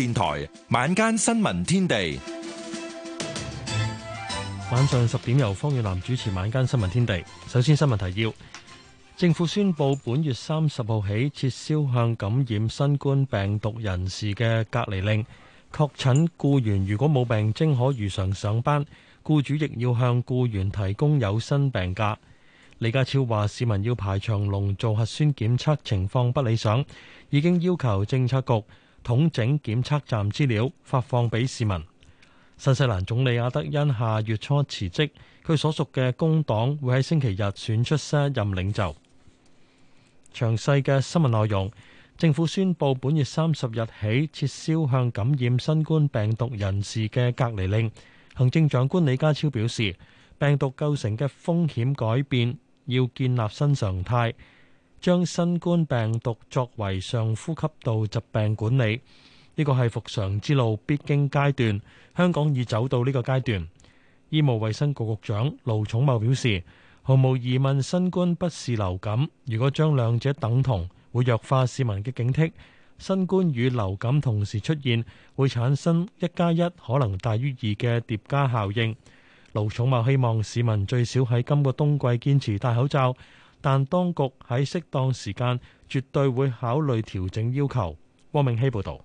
電台晚間新聞天地，晚上十點由方遠南主持晚間新聞天地。首先新聞提要：政府宣佈本月三十號起撤銷向感染新冠病毒人士嘅隔離令，確診雇員如果冇病徵可如常上班，雇主亦要向雇員提供有薪病假。李家超話：市民要排長龍做核酸檢測，情況不理想，已經要求政策局，統整檢測站資料發放畀市民。將新冠病毒作為上呼吸道疾病管理，呢個係復常之路必經階段。香港已走到呢個階段。醫務衛生局局長盧寵茂表示：毫無疑問，新冠不是流感。如果將兩者等同，會弱化市民嘅警惕。新冠與流感同時出現，會產生一加一可能大於二嘅疊加效應。盧寵茂希望市民最少喺今個冬季堅持戴口罩。但當局喺適當時間絕對會考慮調整要求。汪明希報導。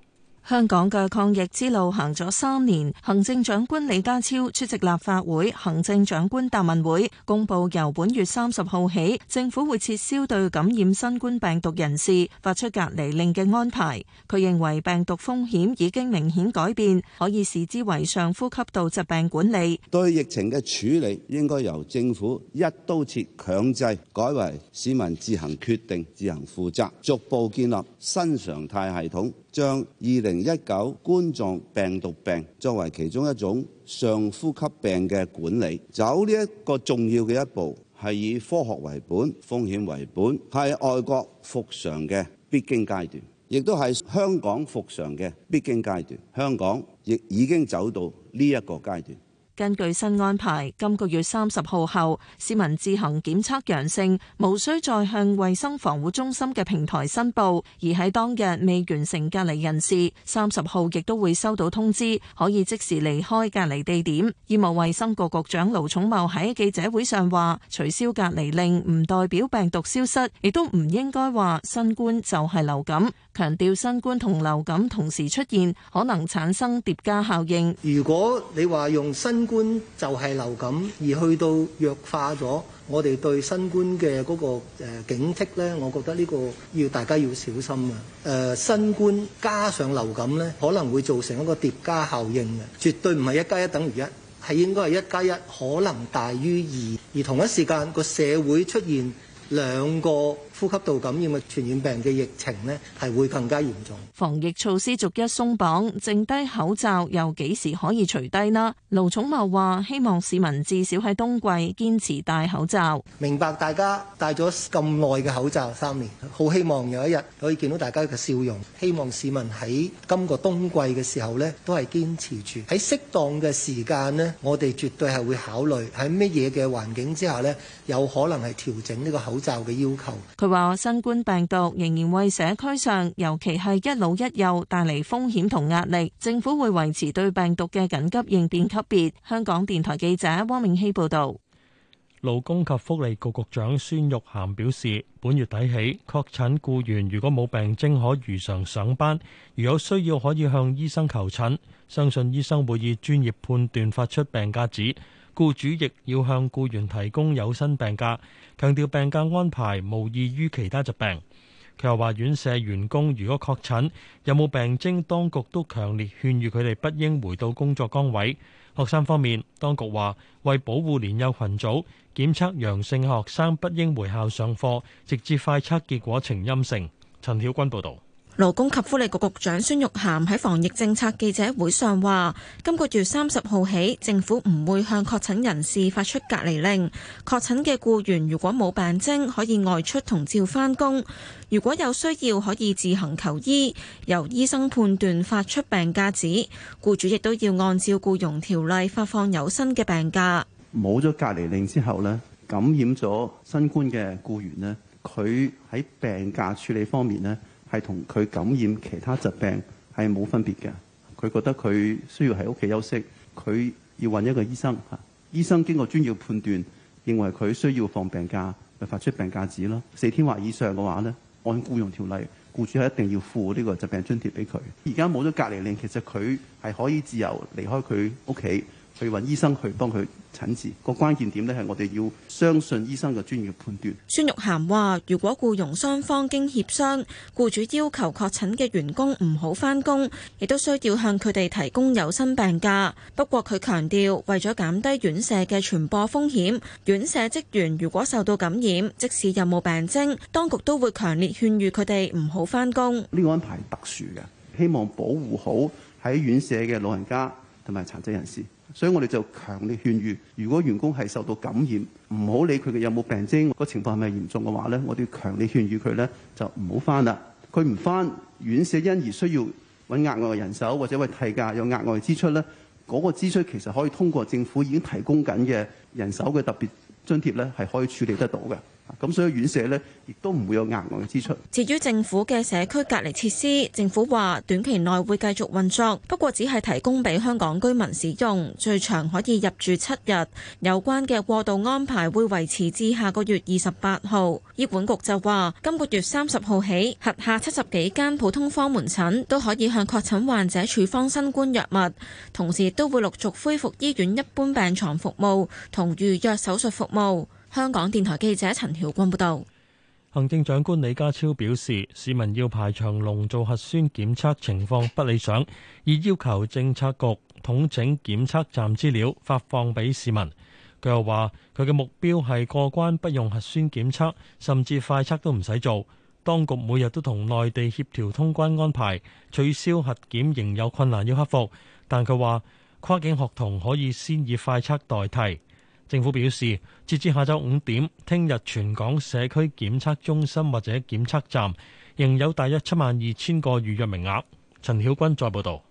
香港嘅抗疫之路行咗三年，行政長官李家超出席立法會行政長官答問會，公布由本月三十號起，政府會撤銷對感染新冠病毒人士發出隔離令嘅安排。佢認為病毒風險已經明顯改變，可以視之為上呼吸道疾病管理。對疫情嘅處理應該由政府一刀切強制改為市民自行決定、自行負責，逐步建立新常態系統。將二零一九冠狀病毒病作為其中一種上呼吸病嘅管理，走呢一個重要嘅一步，係以科學為本、風險為本，係外國復常嘅必經階段，亦都係香港復常嘅必經階段。香港亦已經走到呢一個階段。根據新安排，今個月三十號後，市民自行檢測陽性，無需再向衞生防護中心嘅平台申報，而喺當日未完成隔離人士，三十號亦都會收到通知，可以即時離開隔離地點。醫務衞生局局長盧寵茂喺記者會上話，取消隔離令唔代表病毒消失，亦都唔應該話新冠就係流感。強調新冠同流感同時出現，可能產生疊加效應。如果你話用新冠就係流感，而去到弱化咗我哋對新冠嘅嗰個警惕呢，我覺得呢個要大家要小心啊！誒、呃，新冠加上流感呢，可能會造成一個疊加效應嘅，絕對唔係一加一等於一，係應該係一加一可能大於二，而同一時間個社會出現兩個呼吸道感染嘅傳染病嘅疫情呢，係會更加嚴重。防疫措施逐一鬆綁，剩低口罩又幾時可以除低呢？盧寵茂話：希望市民至少喺冬季堅持戴口罩。明白大家戴咗咁耐嘅口罩三年，好希望有一日可以見到大家嘅笑容。希望市民喺今個冬季嘅時候呢，都係堅持住喺適當嘅時間呢，我哋絕對係會考慮喺乜嘢嘅環境之下呢，有可能係調整呢個口罩嘅要求。佢話：新冠病毒仍然為社區上，尤其係一老一幼帶嚟風險同壓力。政府會維持對病毒嘅緊急應變級別。香港電台記者汪明熙報導。勞工及福利局局，局長孫玉菡表示，本月底起，確診僱員如果冇病徵，可如常上班；如有需要，可以向醫生求診。相信醫生會以專業判斷，發出病假紙。雇主亦要向雇員提供有薪病假,強調病假安排無異於其他疾病。佢又話院舍員工如果確診,有冇病徵,當局都強烈勸喻佢哋不應回到工作崗位。學生方面,當局話,為保護年幼群組,檢測陽性學生不應回校上課,直至快測結果呈陰性。陳曉君報道。勞工及福利局局長孫玉菡喺防疫政策記者會上話，今個月三十號起，政府唔會向確診人士發出隔離令。確診嘅僱員如果冇病徵，可以外出同照返工，如果有需要，可以自行求醫，由醫生判斷發出病假紙。僱主亦都要按照僱傭條例發放有薪嘅病假。冇咗隔離令之後呢，感染咗新冠嘅僱員呢，佢喺病假處理方面呢，係同佢感染其他疾病係冇分別嘅。佢覺得佢需要喺屋企休息，佢要揾一個醫生。醫生經過專業判斷，認為佢需要放病假，咪發出病假紙咯。四天或以上嘅話呢，按僱傭條例，僱主係一定要付呢個疾病津貼俾佢。而家冇咗隔離令，其實佢係可以自由離開佢屋企。去揾醫生去幫佢診治。個關鍵點呢，係我哋要相信醫生嘅專業判斷。孫玉菡話，如果僱傭雙方經協商，僱主要求確診嘅員工唔好返工，亦都需要向佢哋提供有薪病假。不過，佢強調為咗減低院舍嘅傳播風險，院舍職員如果受到感染，即使有冇病徵，當局都會強烈勸喻佢哋唔好返工。呢個安排特殊嘅，希望保護好喺院舍嘅老人家同埋殘疾人士。所以我哋就強烈勸喻，如果員工係受到感染，唔好理佢嘅有冇病徵，個情況係咪嚴重嘅話呢，我哋強烈勸喻佢呢，就唔好返喇。佢唔返，院舍因而需要揾額外人手或者揾替假，有額外支出呢嗰、嗰個支出其實可以通過政府已經提供緊嘅人手嘅特別津貼呢，係可以處理得到嘅。咁所以院舍呢亦都唔會有額外支出。至於政府嘅社區隔離設施，政府話短期內會繼續運作，不過只係提供俾香港居民使用，最長可以入住七日。有關嘅過渡安排會維持至下個月二十八號，醫管局就話今個月三十號起，轄下七十幾間普通科門診都可以向確診患者處方新冠藥物，同時都會陸續恢復醫院一般病床服務同預約手術服務。香港電台記者陳曉君報道，行政長官李家超表示，市民要排長龍做核酸檢測情況不理想，而要求政策局統整檢測站資料發放俾市民。佢又話，佢嘅目標係過關不用核酸檢測，甚至快測都唔使做。當局每日都同內地協調通關安排，取消核檢仍有困難要克服，但佢話，跨境學童可以先以快測代替。政府表示，截至下晝五點，聽日全港社區檢測中心或者檢測站，仍有大約七萬二千個預約名額，陳曉君再報道。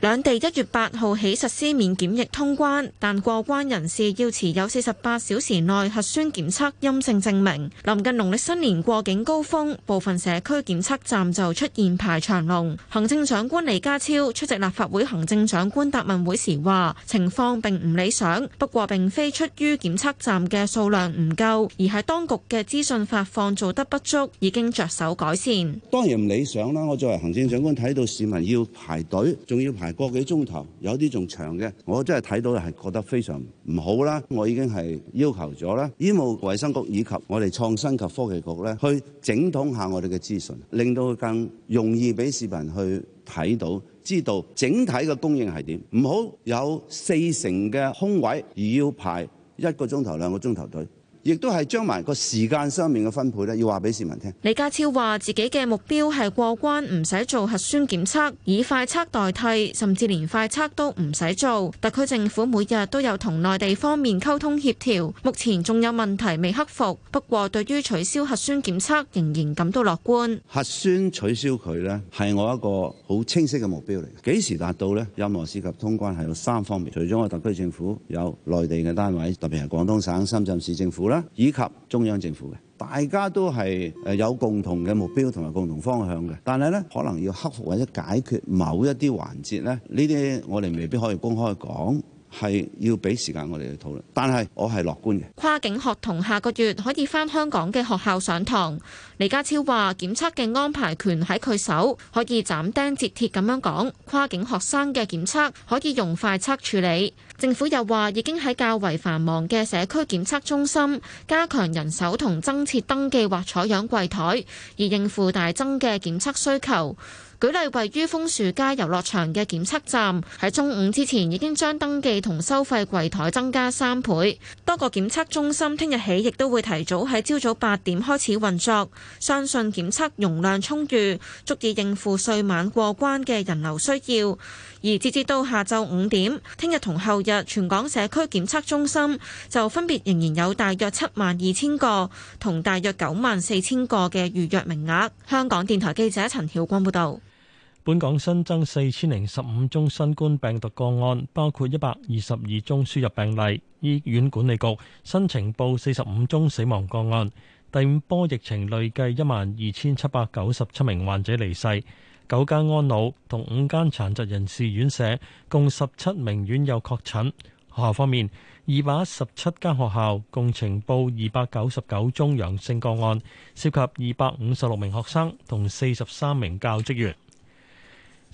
兩地一月八號起實施免檢疫通關，但過關人士要持有四十八小時內核酸檢測陰性證明。臨近農曆新年過境高峰，部分社區檢測站就出現排長龍。行政長官李家超出席立法會行政長官答問會時話：情況並唔理想，不過並非出於檢測站嘅數量唔夠，而係當局嘅資訊發放做得不足，已經着手改善。當然唔理想啦！我作為行政長官睇到市民要排隊，仲要排個幾鐘頭，有啲仲長嘅，我真係睇到係覺得非常唔好啦。我已經係要求咗啦，醫務衛生局以及我哋創新及科技局咧，去整統下我哋嘅資訊，令到佢更容易畀市民去睇到，知道整體嘅供應係點。唔好有四成嘅空位，而要排一個鐘頭、兩個鐘頭隊。亦都係將埋個時間上面嘅分配咧，要話俾市民聽，李家超話自己嘅目標係過關唔使做核酸檢測，以快測代替，甚至連快測都唔使做。特區政府每日都有同內地方面溝通協調，目前仲有問題未克服。不過對於取消核酸檢測仍然感到樂觀。核酸取消佢咧，係我一個好清晰嘅目標嚟。幾時達到咧？任何涉及通關係有三方面，除咗我特區政府有內地嘅單位，特別係廣東省、深圳市政府啦。以及中央政府嘅，大家都係有共同嘅目標同埋共同方向嘅，但係咧可能要克服或者解決某一啲環節咧，呢啲我哋未必可以公開講。係要俾時間我哋去討論，但係我係樂觀嘅。跨境學童下個月可以返香港嘅學校上堂。李家超話：檢測嘅安排權喺佢手，可以斬釘截鐵咁樣講。跨境學生嘅檢測可以用快測處理。政府又話已經喺較為繁忙嘅社區檢測中心加強人手同增設登記或採樣櫃枱，以應付大增嘅檢測需求。舉例，位於楓樹街遊樂場嘅檢測站喺中午之前已經將登記同收費櫃枱增加三倍。多個檢測中心聽日起亦都會提早喺朝早八點開始運作，相信檢測容量充裕，足以應付歲晚過關嘅人流需要。而截至到下晝五點，聽日同後日全港社區檢測中心就分別仍然有大約七萬二千個同大約九萬四千個嘅預約名額。香港電台記者陳曉光報道。本港新增四千零十五宗新冠病毒個案，包括一百二十二宗輸入病例。醫院管理局新呈報四十五宗死亡個案。第五波疫情累計一萬二千七百九十七名患者離世。九間安老同五間殘疾人士院舍共十七名院友確診。學校方面，二百一十七間學校共呈報二百九十九宗陽性個案，涉及二百五十六名學生同四十三名教職員。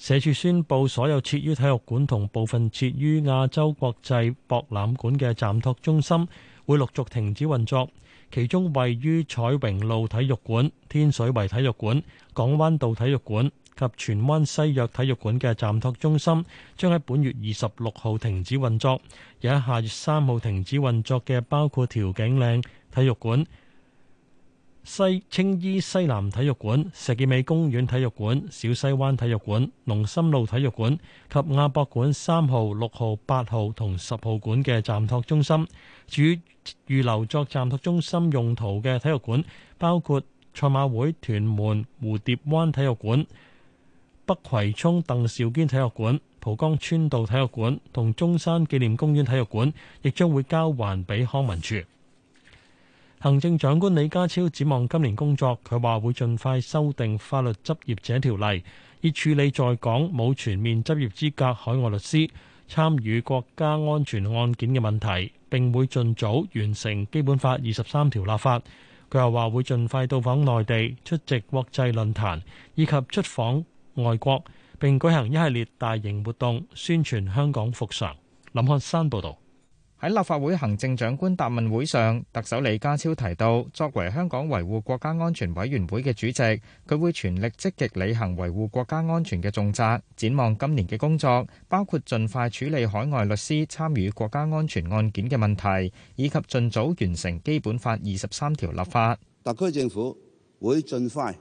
社署宣布，所有設於體育館同部分設於亞洲國際博覽館嘅暫托中心會陸續停止運作。其中，位於彩榮路體育館、天水圍體育館、港灣道體育館及荃灣西約體育館嘅暫托中心，將喺本月二十六號停止運作；而喺下月三號停止運作嘅，包括調景嶺體育館。西青衣西南體育館、石硖尾公園體育館、小西灣體育館、龍心路體育館及亞博館三號、六號、八號同十號館嘅暫託中心，至於預留作暫託中心用途嘅體育館，包括賽馬會屯門蝴蝶灣體育館、北葵涌鄧肇堅體育館、蒲崗村道體育館同中山紀念公園體育館，亦將會交還俾康文署。行政長官李家超展望今年工作，佢話會盡快修訂法律執業者條例，以處理在港冇全面執業資格海外律師參與國家安全案件嘅問題。並會盡早完成基本法二十三條立法。佢又話會盡快到訪內地，出席國際論壇以及出訪外國，並舉行一系列大型活動宣傳香港復常。林漢山報導。喺立法會行政長官答問會上，特首李家超提到，作為香港維護國家安全委員會嘅主席，佢會全力積極履行維護國家安全嘅重責。展望今年嘅工作，包括盡快處理海外律師參與國家安全案件嘅問題，以及儘早完成基本法二十三條立法。特區政府會盡快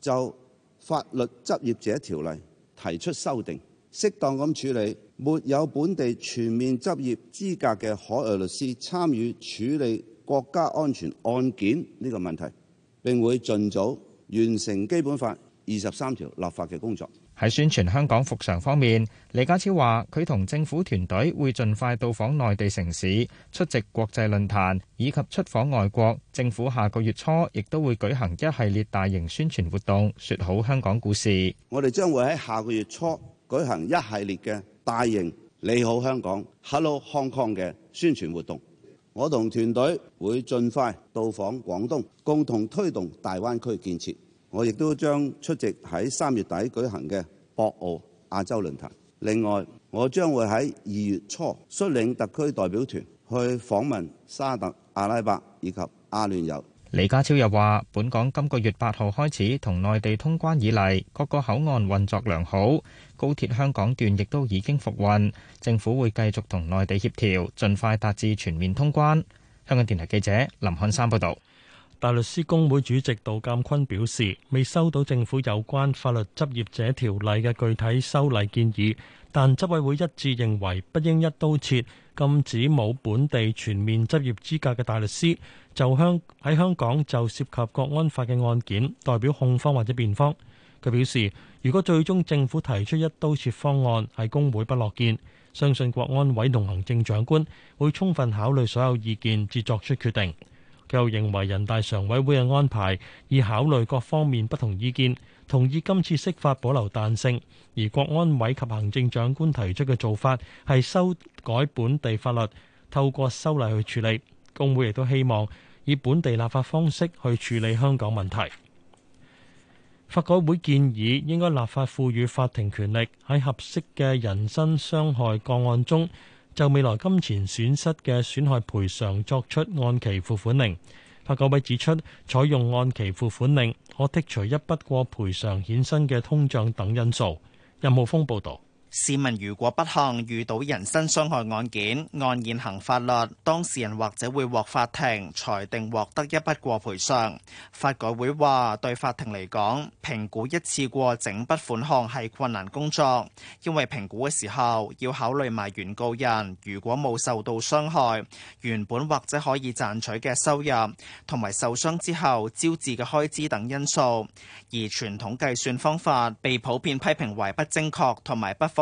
就法律執業者條例提出修訂，適當咁處理沒有本地全面執業資格嘅海外律師參與處理國家安全案件呢個問題，並會盡早完成《基本法》二十三條立法嘅工作。喺宣傳香港復常方面，李家超話：佢同政府團隊會盡快到訪內地城市，出席國際論壇，以及出訪外國。政府下個月初亦都會舉行一系列大型宣傳活動，説好香港故事。我哋將會喺下個月初。舉行一系列嘅大型你好香港、Hello Hong Kong 嘅宣傳活動。我同團隊會盡快到訪廣東，共同推動大灣區建設。我亦都將出席喺三月底舉行嘅博鰲亞洲論壇。另外，我將會喺二月初率領特區代表團去訪問沙特阿拉伯以及阿聯酋。李家超又話，本港今個月八號開始同內地通關以嚟，各個口岸運作良好。高鐵香港段亦都已經復運，政府會繼續同內地協調，盡快達至全面通關。香港電台記者林漢山報導。大律師公會主席杜鑑坤表示，未收到政府有關法律執業者條例嘅具體修例建議，但執委會一致認為，不應一刀切禁止冇本地全面執業資格嘅大律師就香喺香港就涉及國安法嘅案件，代表控方或者辯方。佢表示，如果最終政府提出一刀切方案，係工會不樂見，相信國安委同行政長官會充分考慮所有意見，至作出決定。佢又認為人大常委會嘅安排，以考慮各方面不同意見，同意今次釋法保留彈性，而國安委及行政長官提出嘅做法係修改本地法律，透過修例去處理。工會亦都希望以本地立法方式去處理香港問題。法改會建議應該立法賦予法庭權力，喺合適嘅人身傷害個案中，就未來金錢損失嘅損害賠償作出按期付款令。法改委指出，採用按期付款令可剔除一筆過賠償衍生嘅通脹等因素。任浩峯報導。市民如果不幸遇到人身傷害案件，按現行法律，當事人或者會獲法庭裁定獲得一筆過賠償。法改會話對法庭嚟講，評估一次過整筆款項係困難工作，因為評估嘅時候要考慮埋原告人如果冇受到傷害，原本或者可以賺取嘅收入，同埋受傷之後招致嘅開支等因素。而傳統計算方法被普遍批評為不正確同埋不方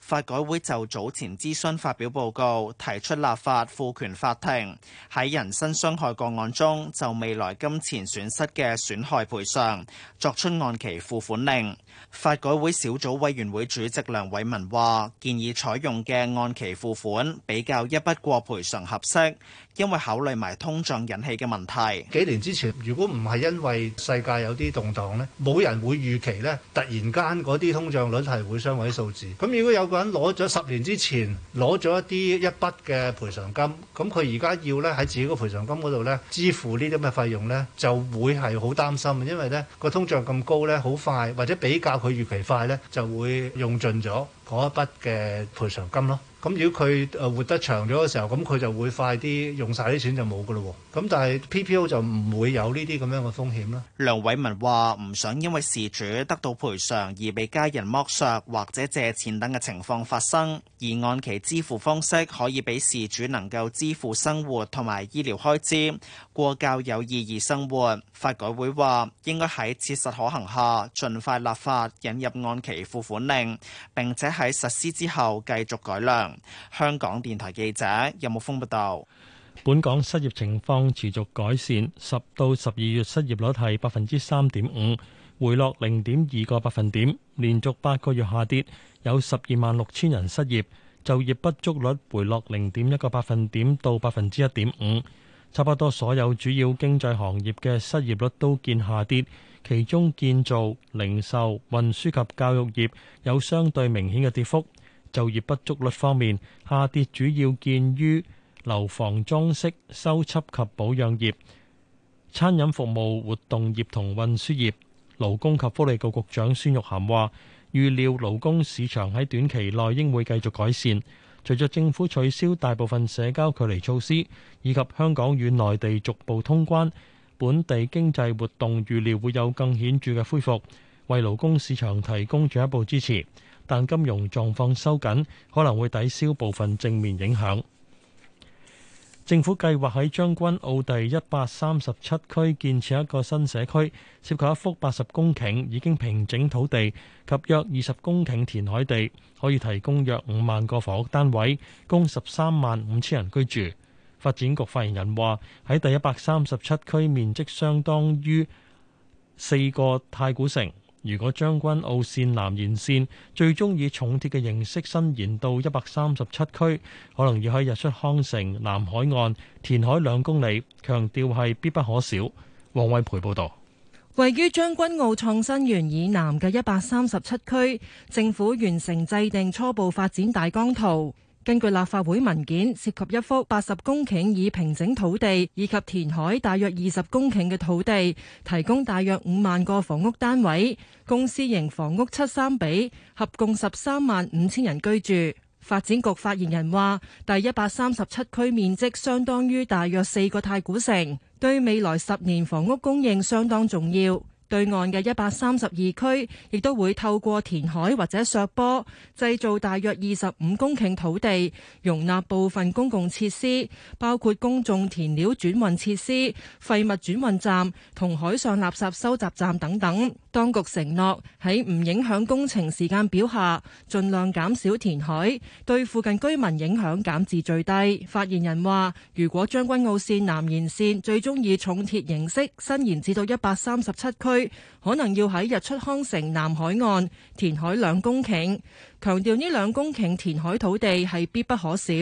法改會就早前諮詢發表報告，提出立法賦權法庭喺人身傷害個案中，就未來金錢損失嘅損害賠償作出按期付款令。法改會小組委員會主席梁偉文話，建議採用嘅按期付款比較一筆過賠償合適，因為考慮埋通脹引起嘅問題。幾年之前，如果唔係因為世界有啲動盪呢，冇人會預期呢，突然間嗰啲通脹率係會雙位數字。咁如果有個人攞咗十年之前攞咗一啲一筆嘅賠償金，咁佢而家要咧喺自己個賠償金嗰度咧支付呢啲咁嘅費用咧，就會係好擔心，因為咧個通脹咁高咧，好快或者比較佢預期快咧，就會用盡咗嗰一筆嘅賠償金咯。咁如果佢誒活得長咗嘅時候，咁佢就會快啲用晒啲錢就冇噶咯。咁但係 PPO 就唔會有呢啲咁樣嘅風險啦。梁偉文話唔想因為事主得到賠償而被家人剝削或者借錢等嘅情況發生，而按期支付方式可以俾事主能夠支付生活同埋醫療開支，過較有意義生活。法改會話應該喺切實可行下盡快立法引入按期付款令，並且喺實施之後繼續改良。香港電台記者任木峰報道：本港失業情況持續改善，十到十二月失業率係百分之三點五，回落零點二個百分點，連續八個月下跌，有十二萬六千人失業，就業不足率回落零點一個百分點到百分之一點五，差不多所有主要經濟行業嘅失業率都見下跌，其中建造、零售、運輸及教育業有相對明顯嘅跌幅。就業不足率方面下跌，主要見於樓房裝飾、修葺及保養業、餐飲服務活動業同運輸業。勞工及福利局局長孫玉菡話：預料勞工市場喺短期內應會繼續改善，隨著政府取消大部分社交距離措施，以及香港與內地逐步通關，本地經濟活動預料會有更顯著嘅恢復，為勞工市場提供進一步支持。但金融狀況收緊可能會抵消部分正面影響。政府計劃喺將軍澳第一百三十七區建設一個新社區，涉及一幅八十公頃已經平整土地及約二十公頃填海地，可以提供約五萬個房屋單位，供十三萬五千人居住。發展局發言人話，喺第一百三十七區面積相當於四個太古城。如果將軍澳線南延線最終以重鐵嘅形式伸延到一百三十七區，可能要喺日出康城南海岸填海兩公里，強調係必不可少。王偉培報導，位於將軍澳創新園以南嘅一百三十七區，政府完成制定初步發展大綱圖。根據立法會文件，涉及一幅八十公頃已平整土地以及填海大約二十公頃嘅土地，提供大約五萬個房屋單位。公司型房屋七三比，合共十三萬五千人居住。發展局發言人話，第一百三十七區面積相當於大約四個太古城，對未來十年房屋供應相當重要。對岸嘅一百三十二區，亦都會透過填海或者削坡，製造大約二十五公頃土地，容納部分公共設施，包括公眾填料轉運設施、廢物轉運站同海上垃圾收集站等等。當局承諾喺唔影響工程時間表下，盡量減少填海，對附近居民影響減至最低。發言人話：如果將軍澳線南延線最終以重鐵形式伸延至到一百三十七區，可能要喺日出康城南海岸填海兩公頃，強調呢兩公頃填海土地係必不可少，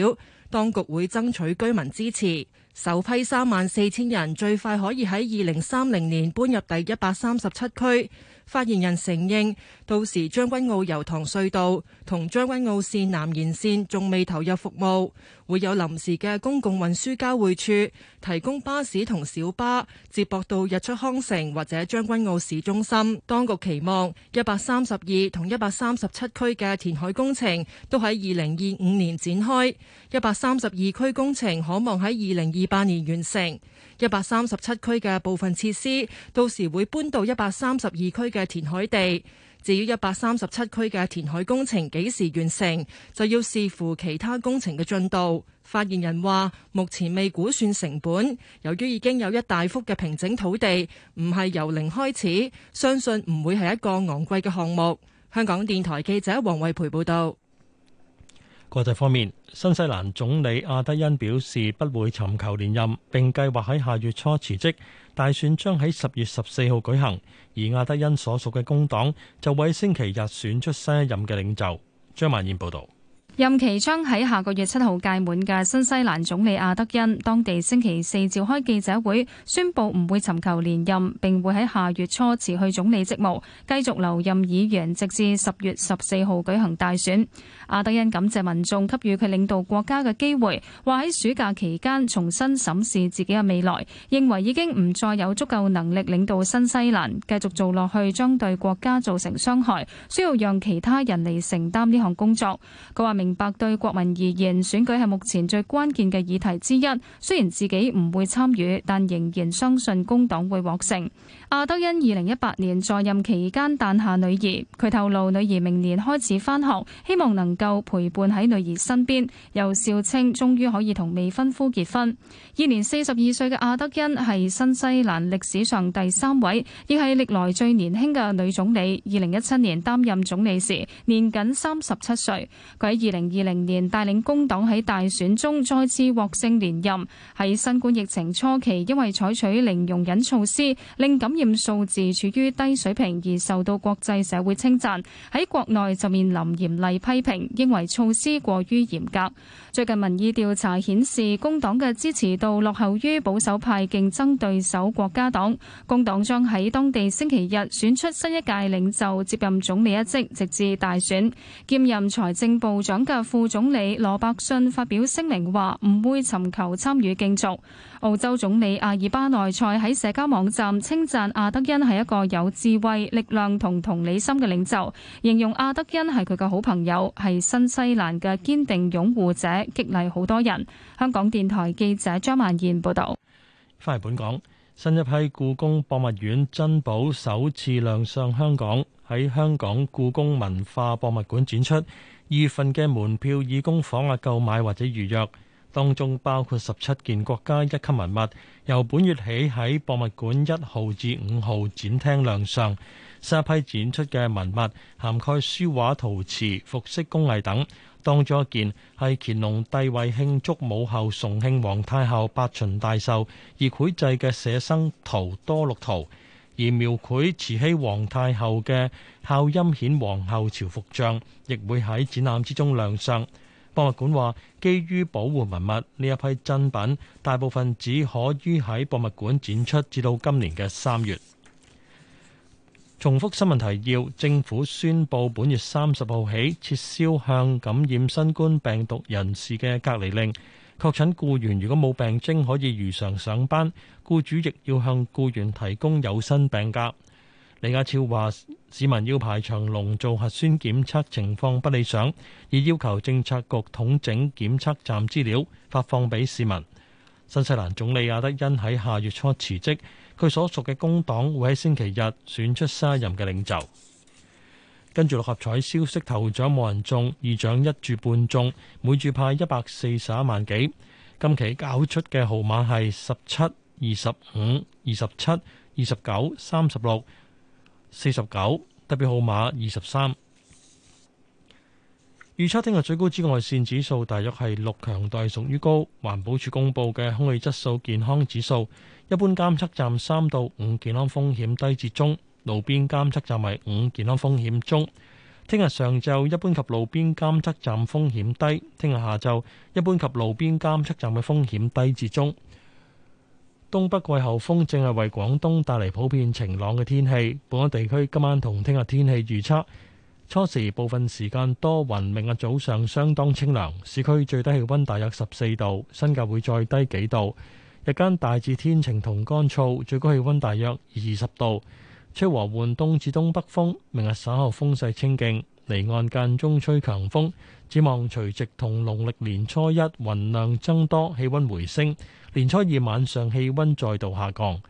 當局會爭取居民支持。首批三萬四千人最快可以喺二零三零年搬入第一百三十七區。發言人承認，到時將軍澳油塘隧道同將軍澳線南延線仲未投入服務，會有臨時嘅公共運輸交匯處提供巴士同小巴接駁到日出康城或者將軍澳市中心。當局期望一百三十二同一百三十七區嘅填海工程都喺二零二五年展開，一百三十二區工程可望喺二零二八年完成。一百三十七區嘅部分設施到時會搬到一百三十二區嘅填海地。至於一百三十七區嘅填海工程幾時完成，就要視乎其他工程嘅進度。發言人話，目前未估算成本，由於已經有一大幅嘅平整土地，唔係由零開始，相信唔會係一個昂貴嘅項目。香港電台記者黃慧培報道。國際方面，新西蘭總理阿德恩表示不會尋求連任，並計劃喺下月初辭職。大選將喺十月十四號舉行，而阿德恩所屬嘅工黨就會喺星期日選出新一任嘅領袖。張曼燕報導。任期將喺下個月七號屆滿嘅新西蘭總理阿德恩，當地星期四召開記者會，宣布唔會尋求連任，並會喺下月初辭去總理職務，繼續留任議員，直至十月十四號舉行大選。阿德恩感謝民眾阿德恩二零一八年在任期間誕下女兒，佢透露女兒明年開始返學，希望能夠陪伴喺女兒身邊。又笑稱終於可以同未婚夫結婚。現年四十二歲嘅阿德恩係新西蘭歷史上第三位，亦係歷來最年輕嘅女總理。二零一七年擔任總理時年僅三十七歲。佢喺二零二零年帶領工黨喺大選中再次獲勝連任。喺新冠疫情初期，因為採取零容忍措施，令感染數字處於低水平而受到國際社會稱讚。喺國內就面臨嚴厲批評，認為措施過於嚴格。最近民意調查顯示，工黨嘅支持度就落後於保守派競爭對手國家黨，工黨將喺當地星期日選出新一屆領袖，接任總理一職，直至大選。兼任財政部長嘅副總理羅伯遜發表聲明話，唔會尋求參與競逐。澳洲總理阿爾巴內塞喺社交網站稱讚阿德恩係一個有智慧、力量同同理心嘅領袖，形容阿德恩係佢嘅好朋友，係新西蘭嘅堅定擁護者，激勵好多人。香港電台記者張曼燕報道。返嚟本港，新一批故宮博物院珍寶首次亮相香港，喺香港故宮文化博物館展出。二月份嘅門票以供坊啊購買或者預約。當中包括十七件國家一級文物，由本月起喺博物館一號至五號展廳亮相。三批展出嘅文物涵蓋書畫、陶瓷、服飾工藝等。當中一件係乾隆帝為慶祝母后崇慶皇太后八旬大壽而繪製嘅寫生圖多六圖，而描繪慈禧皇太后嘅孝欽顯皇后朝服像亦會喺展覽之中亮相。博物館話：基於保護文物，呢一批珍品大部分只可於喺博物館展出，至到今年嘅三月。重複新聞提要：政府宣布本月三十號起，撤銷向感染新冠病毒人士嘅隔離令。確診雇員如果冇病徵，可以如常上班，雇主亦要向雇員提供有薪病假。李家超話。市民要排長龍做核酸檢測情況不理想，而要求政策局統整檢測站資料，發放俾市民。新西蘭總理亞德恩喺下月初辭職，佢所屬嘅工黨會喺星期日選出新任嘅領袖。跟住六合彩消息，頭獎冇人中，二獎一注半中，每注派一百四十一萬幾。今期搞出嘅號碼係十七、二十五、二十七、二十九、三十六。四十九，特別號碼二十三。23。預測聽日最高紫外線指數大約係六，強度係屬於高。環保署公布嘅空氣質素健康指數，一般監測站三到五，健康風險低至中；路邊監測站係五，健康風險中。聽日上晝一般及路邊監測站風險低，聽日下晝一般及路邊監測站嘅風險低至中。東北季候風正係為廣東帶嚟普遍晴朗嘅天氣。本港地區今晚同聽日天氣預測：初時部分時間多雲，明日早上相當清涼，市區最低氣溫大約十四度，新界會再低幾度。日間大致天晴同乾燥，最高氣溫大約二十度。吹和緩東至東北風，明日稍後風勢清勁，離岸間中吹強風。展望除夕同農曆年初一，雲量增多，氣溫回升。年初二晚上氣温再度下降，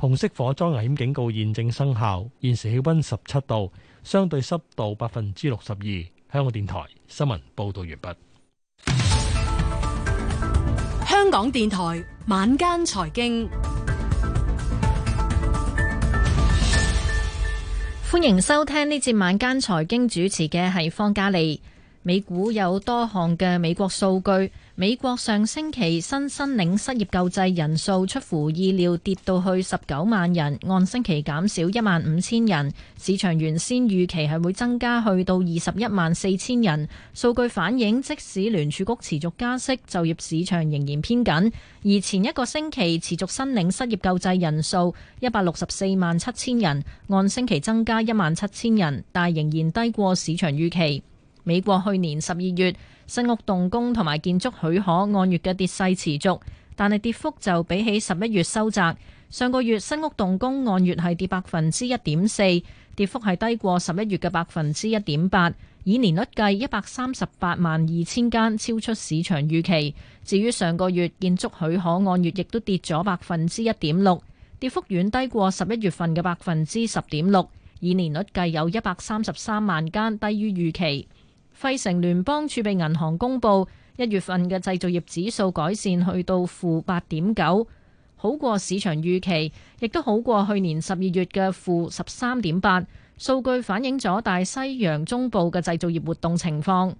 紅色火災危險警告現正生效。現時氣温十七度，相對濕度百分之六十二。香港電台新聞報道完畢。香港電台晚間財經，歡迎收聽呢節晚間財經主持嘅係方嘉莉。美股有多項嘅美國數據。美國上星期新申領失業救濟人數出乎意料跌到去十九萬人，按星期減少一萬五千人。市場原先預期係會增加去到二十一萬四千人。數據反映，即使聯儲局持續加息，就業市場仍然偏緊。而前一個星期持續申領失業救濟人數一百六十四萬七千人，按星期增加一萬七千人，但仍然低過市場預期。美國去年十二月，新屋動工同埋建築許可按月嘅跌勢持續，但係跌幅就比起十一月收窄。上個月新屋動工按月係跌百分之一點四，跌幅係低過十一月嘅百分之一點八。以年率計，一百三十八萬二千間超出市場預期。至於上個月建築許可按月亦都跌咗百分之一點六，跌幅遠低過十一月份嘅百分之十點六。以年率計，有一百三十三萬間低於預期。費城聯邦儲備銀行公布一月份嘅製造業指數改善，去到負八點九，9，好過市場預期，亦都好過去年十二月嘅負十三點八。數據反映咗大西洋中部嘅製造業活動情況。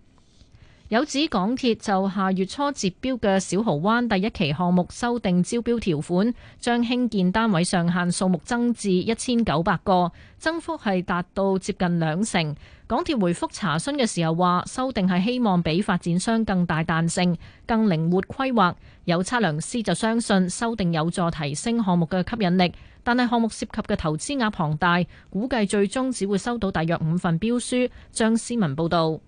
有指港鐵就下月初截標嘅小蠔灣第一期項目修訂招標條款，將興建單位上限數目增至一千九百個，增幅係達到接近兩成。港鐵回覆查詢嘅時候話，修訂係希望俾發展商更大彈性、更靈活規劃。有測量師就相信修訂有助提升項目嘅吸引力，但係項目涉及嘅投資額龐大，估計最終只會收到大約五份標書。張思文報導。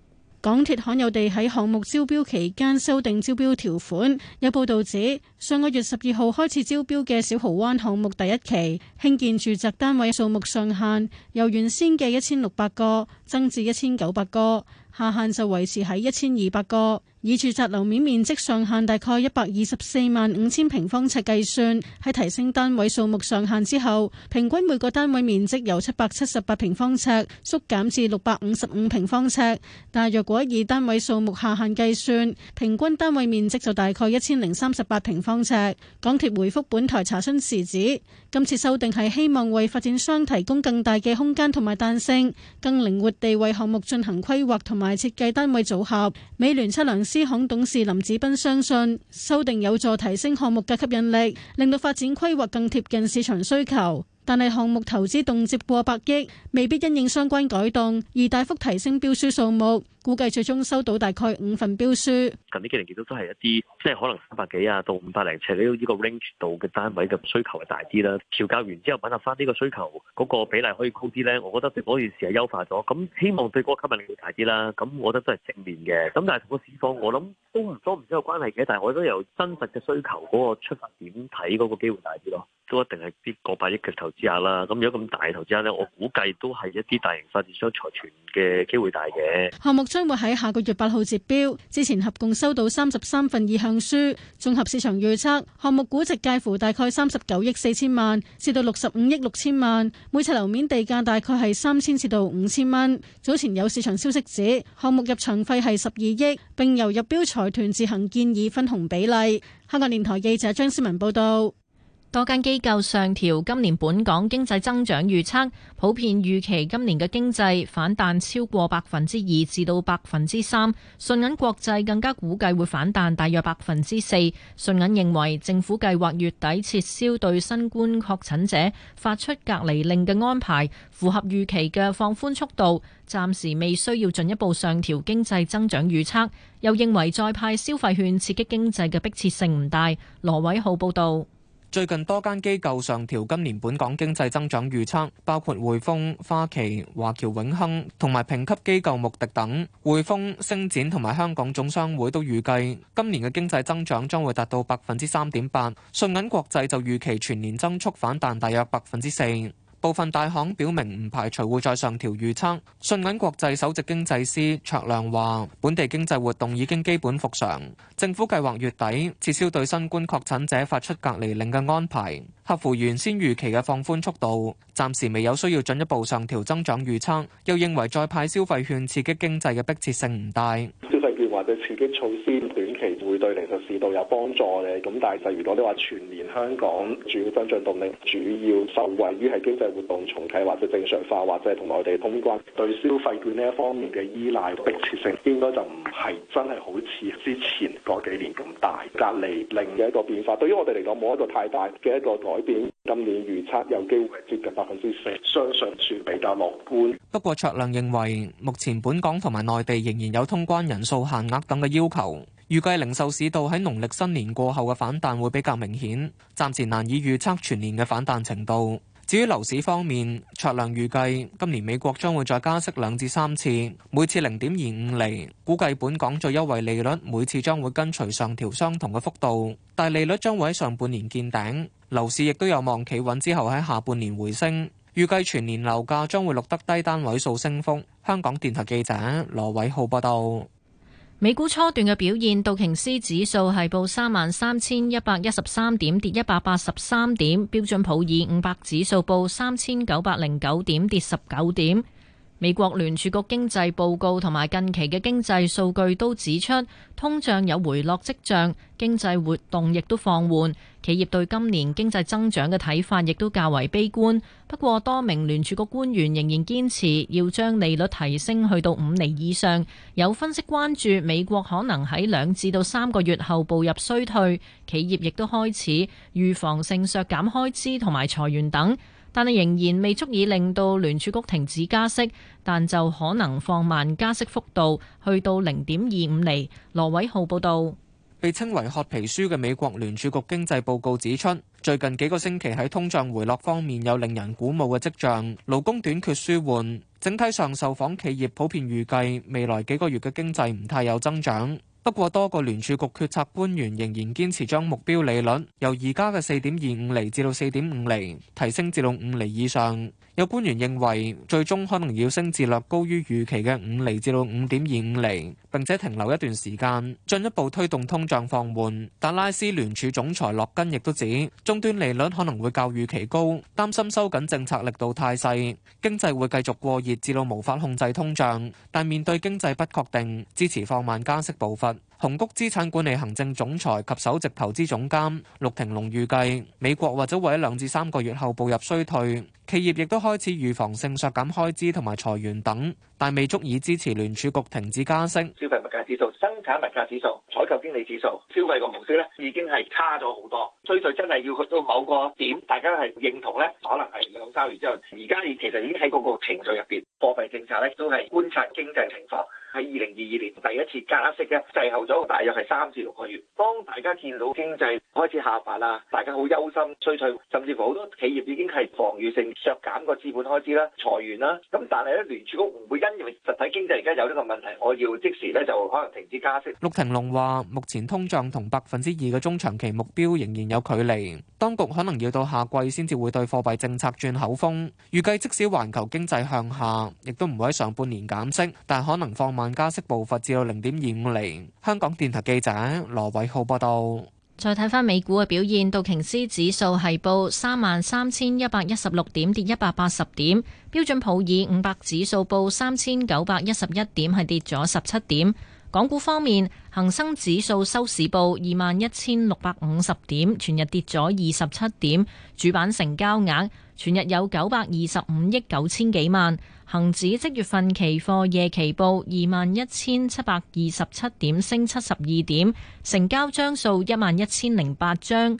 港鐵罕有地喺項目招標期間修訂招標條款，有報道指上個月十二號開始招標嘅小濠灣項目第一期興建住宅單位數目上限由原先嘅一千六百個增至一千九百個，下限就維持喺一千二百個。以住宅樓面面積上限大概一百二十四萬五千平方尺計算，喺提升單位數目上限之後，平均每個單位面積由七百七十八平方尺縮減至六百五十五平方尺。但若果以單位數目下限計算，平均單位面積就大概一千零三十八平方尺。港鐵回覆本台查詢時指，今次修訂係希望為發展商提供更大嘅空間同埋彈性，更靈活地為項目進行規劃同埋設計單位組合。美聯測量執行董事林子斌相信，修訂有助提升項目嘅吸引力，令到發展規劃更貼近市場需求。但係項目投資動輒過百億，未必因應相關改動而大幅提升標書數目。估計最終收到大概五份標書。近呢幾年亦都都係一啲，即係可能三百幾啊到五百零尺呢呢個 range 度嘅單位嘅需求係大啲啦。調教完之後，揾下翻呢個需求嗰個比例可以高啲咧，我覺得對嗰件事係優化咗。咁希望對嗰個吸引力會大啲啦。咁我覺得都係正面嘅。咁但係同個市況，我諗都唔多唔少有關係嘅。但係我都有真實嘅需求嗰個出發點睇，嗰個機會大啲咯。都一定係啲過百億嘅投資啊啦。咁如果咁大嘅投資咧，我估計都係一啲大型發展商財團嘅機會大嘅項目。將會喺下個月八號截標，之前合共收到三十三份意向書。綜合市場預測，項目估值介乎大概三十九億四千萬至到六十五億六千萬，每尺樓面地價大概係三千至到五千蚊。早前有市場消息指，項目入場費係十二億，並由入標財團自行建議分紅比例。香港電台記者張思文報道。多間機構上調今年本港經濟增長預測，普遍預期今年嘅經濟反彈超過百分之二至到百分之三。信銀國際更加估計會反彈大約百分之四。信銀認為政府計劃月底撤銷對新冠確診者發出隔離令嘅安排，符合預期嘅放寬速度，暫時未需要進一步上調經濟增長預測。又認為再派消費券刺激經濟嘅迫切性唔大。羅偉浩報道。最近多間機構上調今年本港經濟增長預測，包括匯豐、花旗、華僑永亨同埋評級機構穆迪等。匯豐、星展同埋香港總商會都預計今年嘅經濟增長將會達到百分之三點八。信銀國際就預期全年增速反彈大約百分之四。部分大行表明唔排除會再上調預測，信銀國際首席經濟師卓亮話本地經濟活動已經基本復常，政府計劃月底撤銷對新冠確診者發出隔離令嘅安排，合乎原先預期嘅放寬速度。暫時未有需要進一步上調增長預測，又認為再派消費券刺激經濟嘅迫切性唔大。或者刺激措施短期會對零售市道有幫助嘅，咁但係就如果你話，全年香港主要增長動力主要受惠於係經濟活動重啟或者正常化，或者同內地通關，對消費券呢一方面嘅依賴迫切性應該就唔係真係好似之前嗰幾年咁大。隔離令嘅一個變化，對於我哋嚟講冇一個太大嘅一個改變。今年預測有機會接近百分之四，相信算比較樂觀。不過卓亮認為，目前本港同埋內地仍然有通關人數限額等嘅要求，預計零售市道喺農曆新年過後嘅反彈會比較明顯，暫時難以預測全年嘅反彈程度。至於樓市方面，卓量預計今年美國將會再加息兩至三次，每次零點二五厘。估計本港最優惠利率每次將會跟隨上調相同嘅幅度，但利率將會喺上半年見頂，樓市亦都有望企穩之後喺下半年回升，預計全年樓價將會錄得低單位數升幅。香港電台記者羅偉浩報道。美股初段嘅表現，道瓊斯指數係報三萬三千一百一十三點，跌一百八十三點；標準普爾五百指數報三千九百零九點，跌十九點。美國聯儲局經濟報告同埋近期嘅經濟數據都指出，通脹有回落跡象，經濟活動亦都放緩。企業對今年經濟增長嘅睇法，亦都較為悲觀，不過多名聯儲局官員仍然堅持要將利率提升去到五厘以上。有分析關注美國可能喺兩至到三個月後步入衰退，企業亦都開始預防性削減開支同埋裁員等，但係仍然未足以令到聯儲局停止加息，但就可能放慢加息幅度去到零點二五厘。羅偉浩報道。被稱為「褐皮書」嘅美國聯儲局經濟報告指出，最近幾個星期喺通脹回落方面有令人鼓舞嘅跡象，勞工短缺舒緩，整體上受訪企業普遍預計未來幾個月嘅經濟唔太有增長。不過多個聯儲局決策官員仍然堅持將目標利率由而家嘅四點二五厘至到四點五厘，提升至到五厘以上。有官員認為，最終可能要升至略高於預期嘅五厘至到五點二五厘，並且停留一段時間，進一步推動通脹放緩。達拉斯聯儲總裁洛根亦都指，終端利率可能會較預期高，擔心收緊政策力度太細，經濟會繼續過熱至到無法控制通脹。但面對經濟不確定，支持放慢加息步伐。同谷資產管理行政總裁及首席投資總監陸庭龍預計，美國或者會喺兩至三個月後步入衰退，企業亦都開始預防性削減開支同埋裁員等，但未足以支持聯儲局停止加息。消費物價指數、生產物價指數、採購經理指數、消費嘅模式咧，已經係差咗好多。衰退真係要去到某個點，大家係認同咧，可能係兩三年之後。而家你其實已經喺嗰個情緒入邊，貨幣政策咧都係觀察經濟情況。喺二零二二年第一次加息咧，滯後咗，大約係三至六個月。當大家見到經濟開始下滑啦，大家好憂心衰退，甚至乎好多企業已經係防御性削減個資本開支啦、裁員啦。咁但係咧，聯儲局唔會因為實體經濟而家有呢個問題，我要即時咧就可能停止加息。陸廷龍話：目前通脹同百分之二嘅中長期目標仍然有距離，當局可能要到夏季先至會對貨幣政策轉口風。預計即使環球經濟向下，亦都唔會喺上半年減息，但可能放慢。加息步伐至到零點二五釐。香港電台記者羅偉浩報道。再睇翻美股嘅表現，道瓊斯指數係報三萬三千一百一十六點，跌一百八十點，標準普爾五百指數報三千九百一十一點，係跌咗十七點。港股方面，恒生指數收市報二萬一千六百五十點，全日跌咗二十七點。主板成交額全日有九百二十五億九千幾萬。恒指即月份期貨夜期報二萬一千七百二十七點，升七十二點，成交張數一萬一千零八張。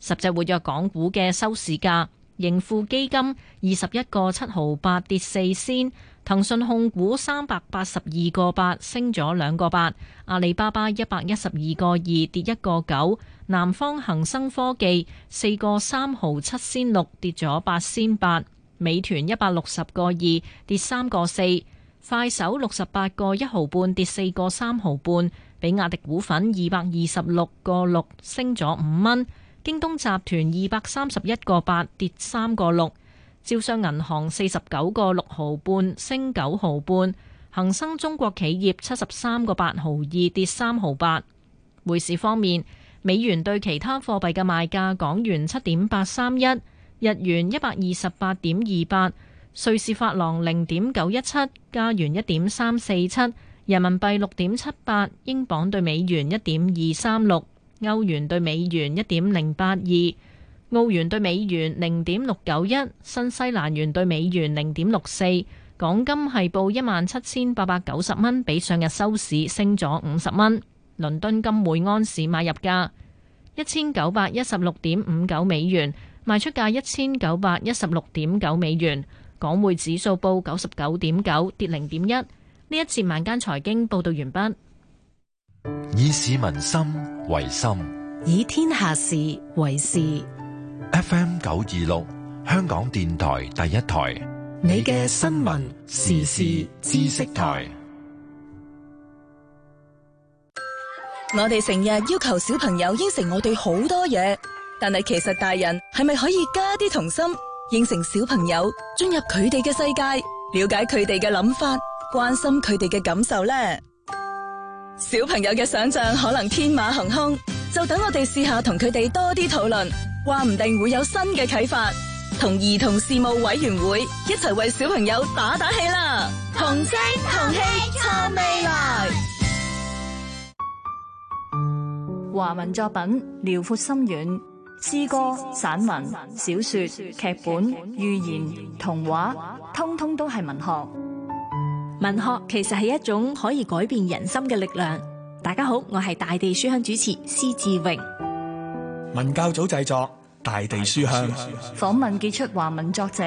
十隻活躍港股嘅收市價：盈富基金二十一個七毫八跌四仙，騰訊控股三百八十二個八升咗兩個八，阿里巴巴一百一十二個二跌一個九，南方恒生科技四個三毫七仙六跌咗八仙八。美團一百六十個二跌三個四，快手六十八個一毫半跌四個三毫半，比亞迪股份二百二十六個六升咗五蚊，京東集團二百三十一個八跌三個六，招商銀行四十九個六毫半升九毫半，恒生中國企業七十三個八毫二跌三毫八。匯市方面，美元對其他貨幣嘅賣價，港元七點八三一。日元一百二十八點二八，瑞士法郎零點九一七，加元一點三四七，人民幣六點七八，英鎊兌美元一點二三六，歐元兌美元一點零八二，澳元兌美元零點六九一，新西蘭元兌美元零點六四。港金係報一萬七千八百九十蚊，比上日收市升咗五十蚊。倫敦金每安士買入價一千九百一十六點五九美元。賣出價一千九百一十六點九美元，港匯指數報九十九點九，跌零點一。呢一節晚間財經報道完畢。以市民心為心，以天下事為事。FM 九二六，香港電台第一台，你嘅新聞時事知識台。我哋成日要求小朋友應承我哋好多嘢。但係其實大人係咪可以加啲童心，應承小朋友，進入佢哋嘅世界，了解佢哋嘅諗法，關心佢哋嘅感受呢？小朋友嘅想象可能天馬行空，就等我哋試下同佢哋多啲討論，話唔定會有新嘅啟發。同兒童事務委員會一齊為小朋友打打氣啦！童真同氣創未來。華文作品遼闊深遠。詩歌、散文、小說、劇本、寓言、童話，通通都係文學。文學其實係一種可以改變人心嘅力量。大家好，我係大地書香主持施志榮。文教組製作《大地書香》，訪問傑出華文作者，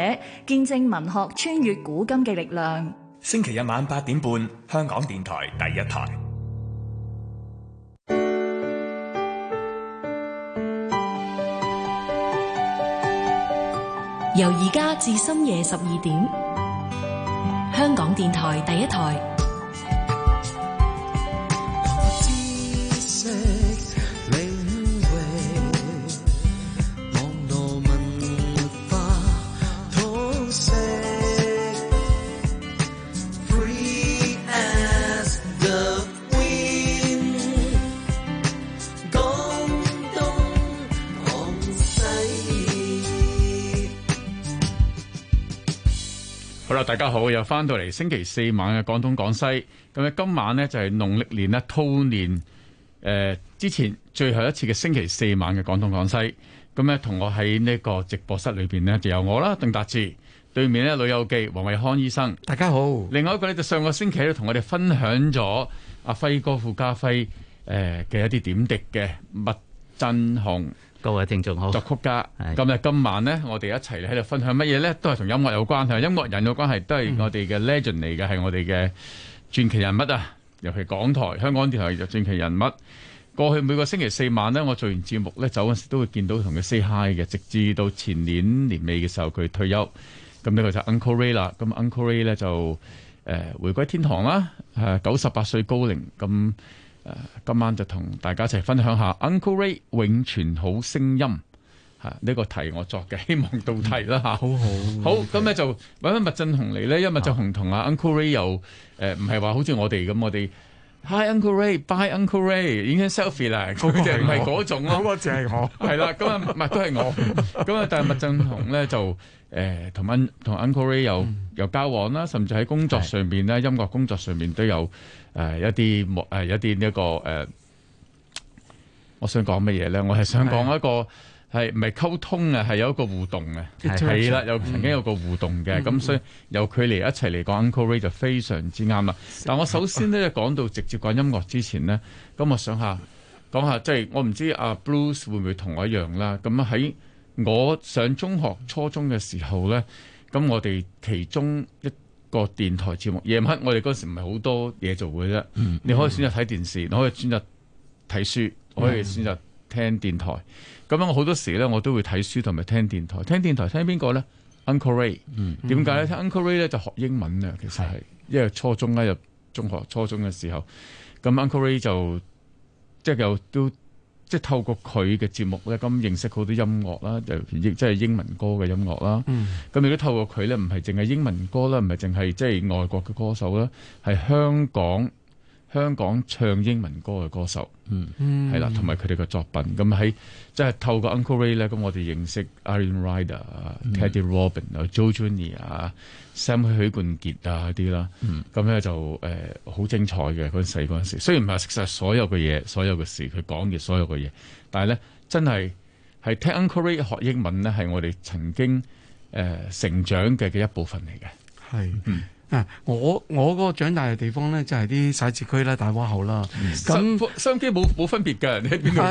見證文學穿越古今嘅力量。星期日晚八點半，香港電台第一台。由而家至深夜十二點，香港電台第一台。大家好，又翻到嚟星期四晚嘅廣東廣西。咁咧今晚呢，就係農曆年呢兔年，誒、呃、之前最後一次嘅星期四晚嘅廣東廣西。咁咧同我喺呢個直播室裏邊呢，就有我啦鄧達志，對面呢，女友記黃偉康醫生。大家好，另外一個呢，就上個星期咧，同我哋分享咗阿輝哥傅家輝誒嘅，、呃、一啲點滴嘅麥振雄。各位聽眾好，作曲家。的今日今晚呢，我哋一齊喺度分享乜嘢呢？都係同音樂有關係，音樂人嘅關係都係我哋嘅 legend 嚟嘅，係我哋嘅傳奇人物啊！尤其港台、香港電台嘅傳奇人物。過去每個星期四晚呢，我做完節目呢，走嗰時都會見到同佢 say hi 嘅，直至到前年年尾嘅時候佢退休。咁呢個就 Uncle Ray 啦。咁 Uncle Ray 呢就誒回歸天堂啦，誒九十八歲高齡咁。誒，今晚就同大家一齊分享下 Uncle Ray 永存好聲音，吓、這、呢個題我作嘅，希望到題啦嚇、嗯，好好好咁咧就揾翻麥振雄嚟咧，因為麥振雄同阿 Uncle Ray 又誒唔係話好似我哋咁，我哋 Hi Uncle Ray，Bye Uncle Ray，已經 selfie 啦，唔係嗰種咯，嗰個只係我係啦，咁啊唔係都係我咁啊， 嗯、但係麥振雄咧就誒同、呃、Uncle 同 Uncle Ray 又又 交往啦，甚至喺工作上邊咧， 音樂工作上面都有。誒、呃，一啲冇誒，一啲呢、這個誒、呃，我想講乜嘢咧？我係想講一個係唔係溝通啊？係有一個互動嘅，係啦是、啊啊啊，有、嗯、曾經有個互動嘅。咁、嗯嗯、所以由佢嚟一齊嚟講，Uncle Ray 就非常之啱啦。但我首先咧講到直接講音樂之前咧，咁我想下講下，即係、就是、我唔知阿、啊、Bruce 會唔會同我一樣啦。咁喺我上中學、初中嘅時候咧，咁我哋其中一個電台節目，夜晚我哋嗰時唔係好多嘢做嘅啫。嗯、你可以選擇睇電視，嗯、你可以選擇睇書，嗯、可以選擇聽電台。咁、嗯、樣我好多時咧，我都會睇書同埋聽電台。聽電台聽邊個咧？Uncle Ray、嗯。點解咧？Uncle Ray 咧就學英文啊，其實係，是因為初中咧入中學，初中嘅時候，咁 Uncle Ray 就即係、就是、有都。即係透過佢嘅節目咧，咁認識好多音樂啦，就英即係英文歌嘅音樂啦。嗯，咁如果透過佢咧，唔係淨係英文歌啦，唔係淨係即係外國嘅歌手啦，係香港。香港唱英文歌嘅歌手，嗯，係啦，同埋佢哋嘅作品，咁喺即係透過 Uncle Ray 咧，咁我哋認識 Aaron Ryder 啊、Teddy Robin 嗯啊、Joe Junior 啊、Sam 許冠傑啊啲啦，咁咧就誒好、呃、精彩嘅嗰陣時，嗰陣時，時雖然唔係食晒所有嘅嘢、所有嘅事，佢講嘅所有嘅嘢，但係咧真係係聽 Uncle Ray 學英文咧，係我哋曾經誒、呃、成長嘅嘅一部分嚟嘅，係嘅，嗯。啊！我我個長大嘅地方咧，就係啲洗市區啦、大窩口啦。咁雙、嗯、商機冇冇分別㗎？你喺邊度？